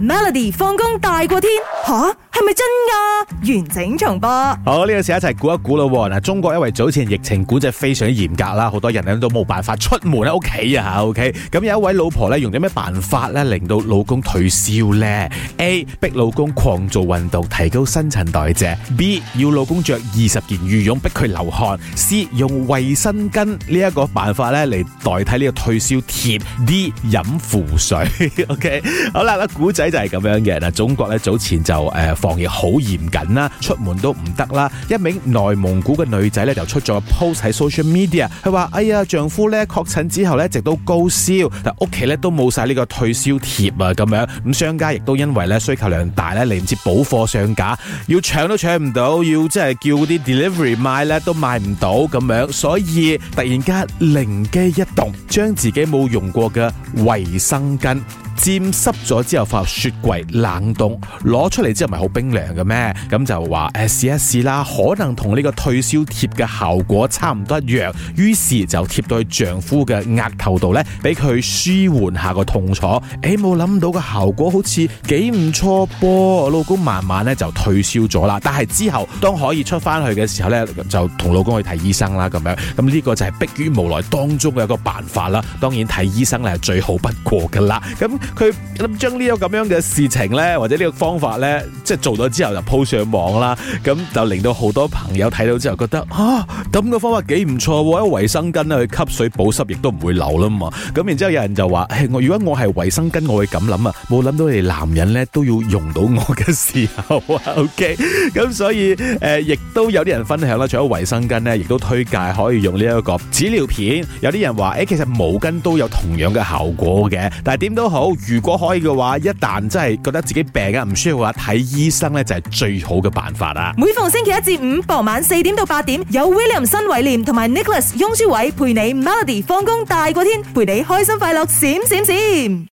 Melody 放工大過天吓，係咪真噶？完整重播。好呢個時候一齊估一估啦。嗱，中國因為早前疫情，估計非常嚴格啦，好多人咧都冇辦法出門喺屋企啊。吓，OK。咁有一位老婆咧，用咗咩辦法咧，令到老公退燒咧？A. 逼老公狂做運動，提高新陳代謝；B. 要老公着二十件羽絨，逼佢流汗；C. 用衛生巾呢一個辦法咧，嚟代替呢個退燒貼；D. 飲符水。OK 好。好啦，估仔。就係、是、咁樣嘅嗱，中國咧早前就誒、呃、防疫好嚴謹啦，出門都唔得啦。一名內蒙古嘅女仔咧就出咗 post 喺 social media，佢話：哎呀，丈夫咧確診之後咧，直到高燒，但屋企咧都冇晒呢個退燒貼啊，咁樣咁商家亦都因為咧需求量大咧，嚟唔切補貨上架，要搶都搶唔到，要即係叫啲 delivery 賣咧都買唔到咁樣，所以突然間靈機一動，將自己冇用過嘅衛生巾沾濕咗之後放。雪櫃冷凍攞出嚟之後，咪好冰涼嘅咩？咁就話誒，試一試啦，可能同呢個退燒貼嘅效果差唔多一樣。於是就貼到去丈夫嘅額頭度呢，俾佢舒緩一下個痛楚。誒，冇諗到個效果好似幾唔錯噃，我老公慢慢呢就退燒咗啦。但係之後當可以出翻去嘅時候呢，就同老公去睇醫生啦。咁樣咁呢個就係迫於無奈當中嘅一個辦法啦。當然睇醫生咧係最好不過噶啦。咁佢將呢個咁樣嘅事情咧，或者呢個方法咧，即係做咗之後就 post 上網啦，咁就令到好多朋友睇到之後覺得啊，咁個方法幾唔錯喎，衛生巾咧，去吸水保濕，亦都唔會漏啦嘛。咁然之後有人就話，誒，我如果我係衛生巾，我會咁諗啊，冇諗到你男人咧，都要用到我嘅時候啊。 OK，咁所以誒，亦、呃、都有啲人分享啦，除咗衛生巾咧，亦都推介可以用呢一個紙尿片。有啲人話，誒、欸，其實毛巾都有同樣嘅效果嘅。但係點都好，如果可以嘅話，一旦人真係覺得自己病啊，唔舒服嘅話睇醫生咧，就係最好嘅辦法啦。每逢星期一至五傍晚四點到八點，有 William 新偉廉同埋 Nicholas 雍舒偉陪你 Melody 放工大過天，陪你開心快樂閃閃閃。